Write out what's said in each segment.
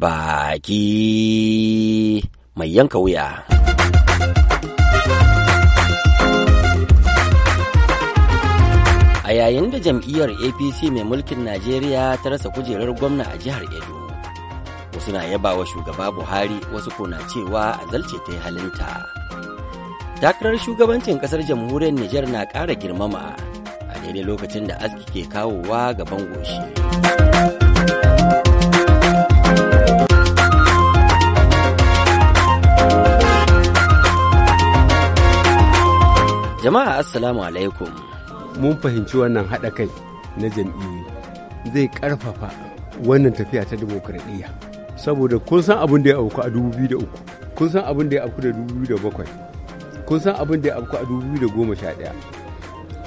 baki mai yanka wuya. A yayin da jam'iyyar APC mai mulkin Najeriya ta rasa kujerar gwamna a jihar Edo, wasu na yaba wa shugaba Buhari wasu kona cewa a zalce ta yi halinta. Takarar shugabancin kasar jamhuriyar Nijar na ƙara girmama a daidai lokacin da aski ke kawowa ga bangoshi. Jama'a Assalamu alaikum. Mun fahimci wannan haɗa kai na jam'iyyu zai ƙarfafa wannan tafiya ta dimokuraɗiyya. Saboda kun san abin da ya auku a 2003, kun san abin da ya auku da 2007, kun san abin da ya auku a 2011,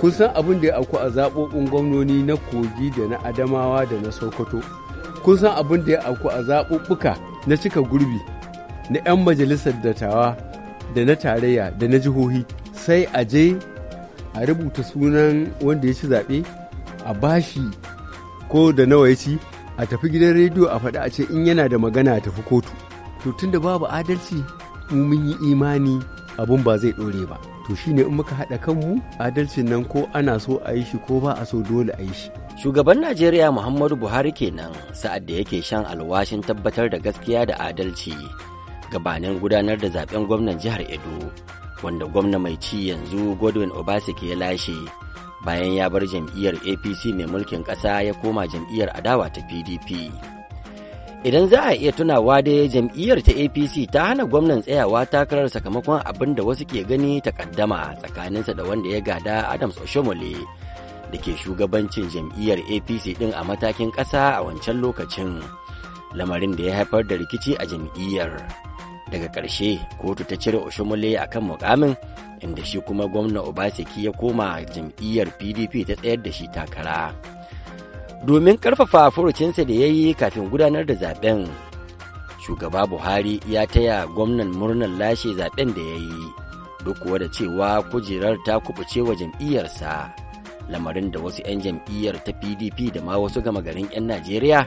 kun san abin da ya auku a zaɓoɓin gwamnoni na Kogi da na Adamawa da na Sokoto, kun san abin da ya auku a zaɓuɓɓuka na cika gurbi na 'yan majalisar dattawa da na tarayya da na jihohi sai a je a rubuta sunan wanda ya ci zaɓe a bashi ko da nawa ya ci a tafi gidan rediyo a faɗi a ce in yana da magana a tafi kotu to tunda babu adalci mu mun yi imani abun ba zai ɗore ba to shine in muka haɗa kanmu adalcin nan ko ana so a yi shi ko ba a so dole a yi shi shugaban najeriya muhammadu buhari kenan sa'ad da yake shan alwashin tabbatar da gaskiya da adalci gabanin gudanar da zaben gwamnan jihar edo wanda gwamna mai ci yanzu godwin obaseki ya lashe bayan ya bar jam'iyyar apc mai mulkin ƙasa ya koma jam'iyyar adawa ta pdp idan za a iya tunawa da jam'iyyar ta apc ta hana gwamnan tsayawa takarar sakamakon abin da wasu ke gani takaddama tsakaninsa da wanda ya gada adams oshomole da ke shugabancin jam'iyyar apc din a matakin ƙasa a wancan lokacin lamarin da ya haifar da rikici a jam'iyyar. daga ƙarshe kotu ta cire oshomole a kan mukamin inda shi kuma gwamna obaseki ya koma jam'iyyar pdp ta tsayar da shi takara domin ƙarfafa furucinsa da ya yi kafin gudanar da zaben shugaba buhari ya taya gwamnan murnar lashe zaben da ya yi duk kuwa da cewa kujerar ta kubuce wa jam'iyyarsa lamarin da wasu 'yan jam'iyyar ta pdp da ma wasu gama garin 'yan najeriya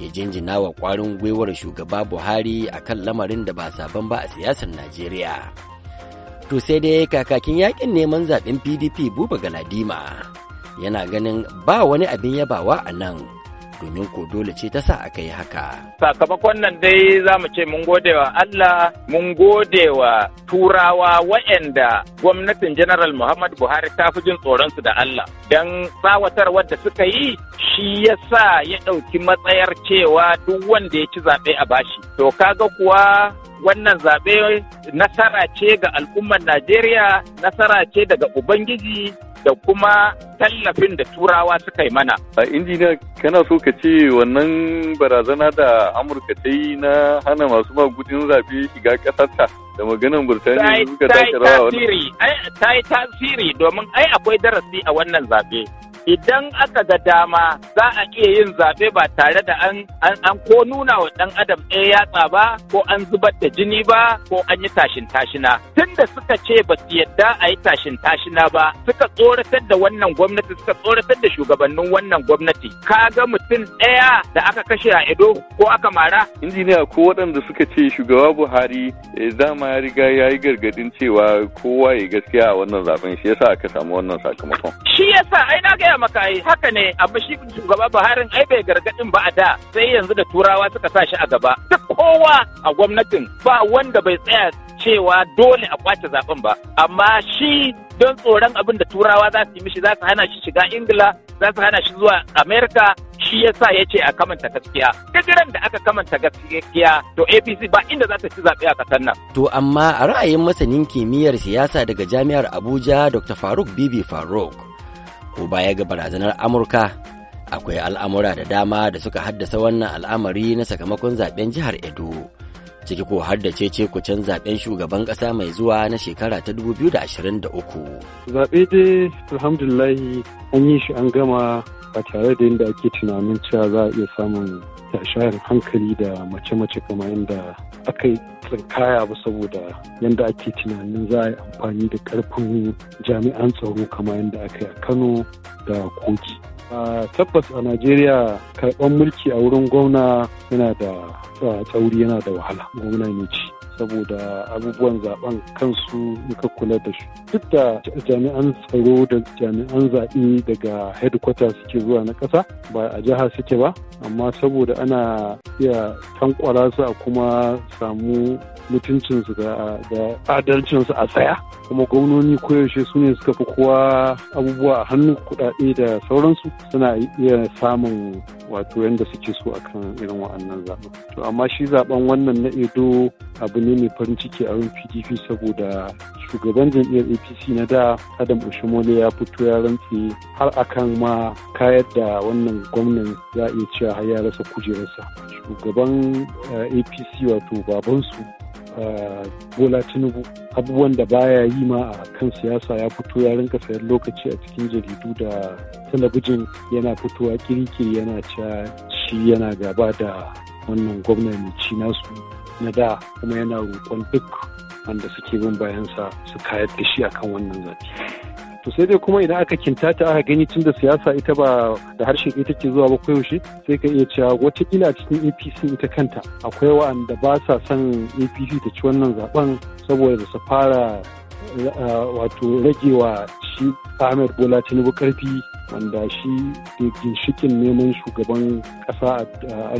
ke jinjina wa kwarin gwiwar shugaba buhari a kan lamarin da ba sabon ba a siyasar najeriya to sai dai kakakin yakin neman zaɓen pdp buba galadima yana ganin ba wani abin yabawa a nan domin ko dole ce ta sa aka yi haka. Sakamakon nan dai za mu ce mun gode wa Allah, mun gode wa turawa wa'anda gwamnatin General Muhammad Buhari ta fi jin tsoronsu da Allah. Don tsawatar wadda suka yi shi ya sa ya ɗauki matsayar cewa duk wanda ya ci zaɓe a bashi. To kaga kuwa wannan zaɓe nasara ce ga al'ummar Najeriya, nasara ce daga Ubangiji, da kuma tallafin da turawa suka yi mana. A injiniya kana so ka ce wannan barazana da Amurka ta yi na hana masu magudin zafi shiga ƙasarta da maganan Birtaniya suka tashi rawa wannan. Ta yi tasiri domin ai akwai darasi a wannan zaɓe. idan aka ga dama za a iya yin zaɓe ba tare da an, ko nuna wa ɗan adam ɗaya yatsa ba ko an zubar da jini ba ko an yi tashin tashina tun da suka ce ba su yadda a yi tashin tashina ba suka tsoratar da wannan gwamnati suka tsoratar da shugabannin wannan gwamnati ka ga mutum ɗaya da aka kashe a ido ko aka mara injiniya ko waɗanda suka ce shugaba buhari eh, dama ya riga ya yi gargadin cewa kowa ya gaskiya a wannan zaben shi yasa aka samu wannan sakamakon shi yasa ai na ga gaya maka ai haka ne amma shi shugaba Buhari ai bai gargadin ba a da sai yanzu da turawa suka sa shi a gaba duk kowa a gwamnatin ba wanda bai tsaya cewa dole a kwace zaben ba amma shi don tsoron abin da turawa za su yi mishi za su hana shi shiga ingila za su hana shi zuwa amerika shi ya sa ya ce a kamanta gaskiya duk da aka kamanta gaskiya to apc ba inda za ta ci zaɓe a ƙasar nan. to amma a ra'ayin masanin kimiyyar siyasa daga jami'ar abuja dr faruk bibi faruk ko baya ga barazanar amurka akwai al'amura da dama da suka haddasa wannan al'amari na sakamakon zaben jihar edo ciki ko har da cece kucin zaben shugaban ƙasa mai zuwa na shekara ta 2023 zaɓe dai alhamdulillahi an yi shi an gama ba tare da yadda ake tunanin cewa za a iya samun tashayin hankali da mace-mace kama yadda aka yi tsinkaya ba saboda yadda ake tunanin za a yi amfani da karfin jami'an tsaro kama yadda aka yi a kano da kogi a tabbas a najeriya karɓar mulki a wurin gwamna yana da tsauri yana da wahala gwamna ne ci saboda abubuwan zaben kansu muka kula da shi duk da jami'an tsaro da jami'an zaɓe daga headquarters suke zuwa na ƙasa ba a jiha suke ba amma saboda ana iya tankwara su a kuma samu mutuncinsu da adalcinsu a tsaya kuma gwamnoni koyaushe su ne suka fi kowa abubuwa a hannun kuɗaɗe da sauransu suna iya samun wato yadda suke so akan irin wa'annan zaɓe. to amma shi zaɓen wannan na edo abu ne mai farin ciki a wurin pdp saboda shugaban jam'iyyar apc na da adam ushimole ya fito ya rantse har akan ma kayar da wannan gwamnan za a iya cewa ya ya rasa kujerarsa shugaban eh, apc wato babansu eh, bola tinubu abubuwan da baya yi ma a kan siyasa ya fito ya rinka sayan lokaci a cikin jaridu da talabijin yana fitowa kirikiri yana cewa shi yana gaba da wannan gwamna mai ci nasu na da kuma yana roƙon duk wanda suke bin bayansa su kayar da shi akan wannan zafi. to sai dai kuma idan aka kinta ta aka gani tun da siyasa ita ba da harshen ita ke zuwa ba yaushe? sai ka iya cewa wata kila cikin apc ita kanta akwai wa'anda ba sa son apc ta ci wannan zaben saboda su fara eh, wato ragewa shi ahmed bola tinubu karfi wanda shi da ginshikin neman shugaban kasa a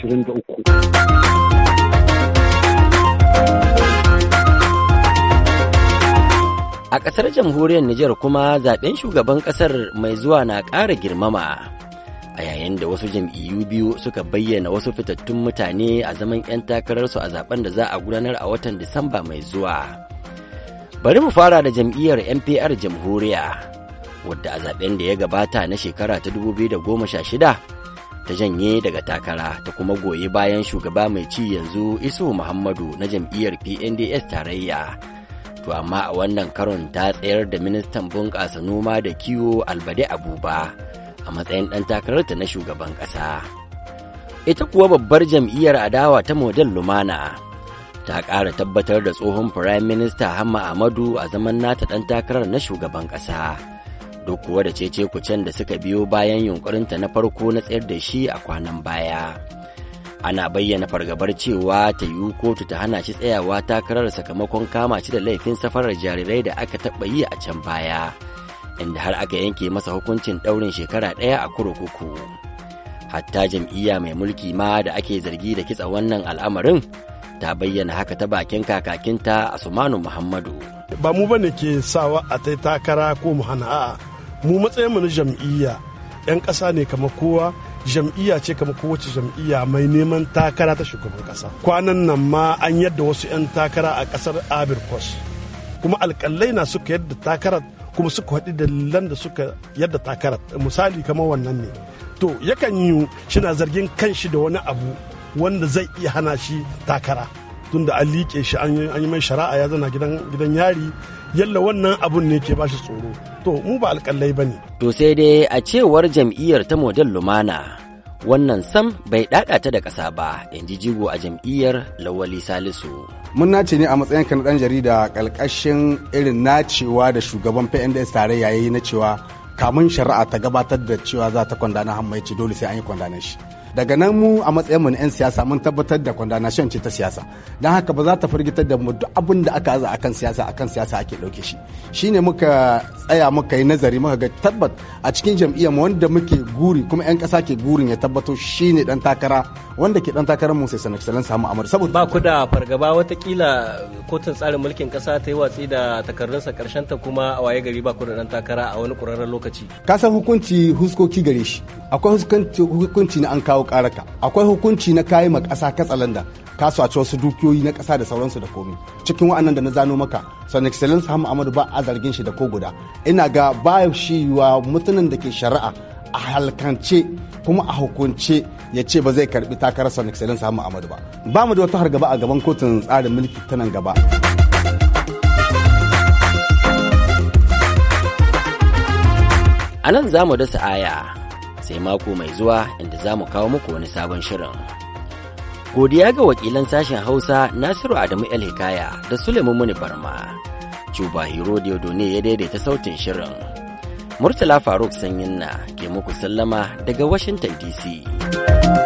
2023 A ƙasar jamhuriyar Nijar kuma zaben shugaban ƙasar mai zuwa na ƙara girmama. A yayin da wasu jam'iyyu biyu suka bayyana wasu fitattun mutane a zaman 'yan takararsu a zaben da za a gudanar a watan Disamba mai zuwa. Bari mu fara da jam'iyyar NPR jamhuriya, wadda a zaben da ya gabata na shekara ta 2016 ta janye daga takara ta kuma goyi bayan shugaba mai ci yanzu isu muhammadu na jam'iyyar pnds tarayya to amma a wannan karon ta tsayar da ministan bunƙasa noma da kiwo albade abuba a matsayin ɗan takararta na shugaban ƙasa ita kuwa babbar jam'iyyar adawa ta model lumana ta ƙara tabbatar da tsohon firayim minista hamma amadu a zaman nata ɗan takarar na shugaban ƙasa duk kuwa da cece kucen da suka biyo bayan yunkurinta na farko na tsayar da shi a kwanan baya. ana bayyana fargabar cewa ta yi kotu ta hana shi tsayawa takarar sakamakon kama shi da laifin safarar jarirai da aka taɓa yi a can baya inda har aka yanke masa hukuncin ɗaurin shekara ɗaya a kurkuku hatta jam'iyya mai mulki ma da ake zargi da kitsa wannan al'amarin ta bayyana haka ta bakin kakakinta a sumanu muhammadu ba mu bane ke sawa a ta takara ko mu hana a'a mu matsayinmu na jam'iyya 'yan ƙasa ne kamar kowa jam'iyya ce kamar kowace jam'iyya mai neman takara ta shugaban kasa kwanan nan ma an yadda wasu 'yan takara a kasar abirkos kuma alkalai na suka yadda takara kuma suka haɗi dalilan da suka yadda takarar misali kamar wannan ne to yakan yi shina zargin kanshi da wani abu wanda zai iya hana shi takara tunda an liƙe shi an yi mai shari'a ya zana gidan yari yalla wannan abun ne ke bashi tsoro to mu ba alƙalai bane. ne. to sai dai a cewar jam'iyyar ta model lumana wannan sam bai ta da ƙasa ba in ji jigo a jam'iyyar lawali salisu. mun nace ne a matsayin na ɗan jarida ƙalƙashin irin nacewa da shugaban pnds tare yayi na cewa kamun shari'a ta gabatar da cewa za ta kwandana na hammaici dole sai an yi kwandanan shi. daga nan mu a matsayin mu na 'yan siyasa mun tabbatar da condemnation ce ta siyasa don haka ba za ta firgitar da mu duk abin da aka aza akan siyasa akan siyasa ake ɗauke shi shine muka tsaya muka yi nazari muka ga tabbat a cikin jam'iyyar wanda muke guri kuma 'yan ƙasa ke gurin ya tabbato shine dan takara wanda ke dan takarar mu sai san excellence samu amur. saboda ba ku da fargaba watakila kotun tsarin mulkin ƙasa ta yi watsi da takardunsa karshen ta kuma a waye gari ba ku da dan takara a wani ƙurarren lokaci ka san hukunci huskoki gare shi akwai hukunci na an kawo kawo karaka akwai hukunci na kayi ma ƙasa katsalanda ka wasu dukiyoyi na ƙasa da sauransu da komi cikin wa'annan da na zano maka son excellence hamu amadu ba a zargin shi da ko guda ina ga ba shi wa mutumin da ke shari'a a halkance kuma a hukunce ya ce ba zai karbi takarar son excellence hamu amadu ba ba mu da wata hargaba a gaban kotun tsarin mulki ta nan gaba a nan za mu dasa aya sai mako mai zuwa inda za mu kawo muku wani sabon shirin. Godiya ga wakilan sashen Hausa Nasiru Adamu El Hikaya da Suleiman Muni Barma. Cuba Hero ne ya daidaita sautin shirin. Murtala Faruk Sanyin na ke muku sallama daga Washington DC.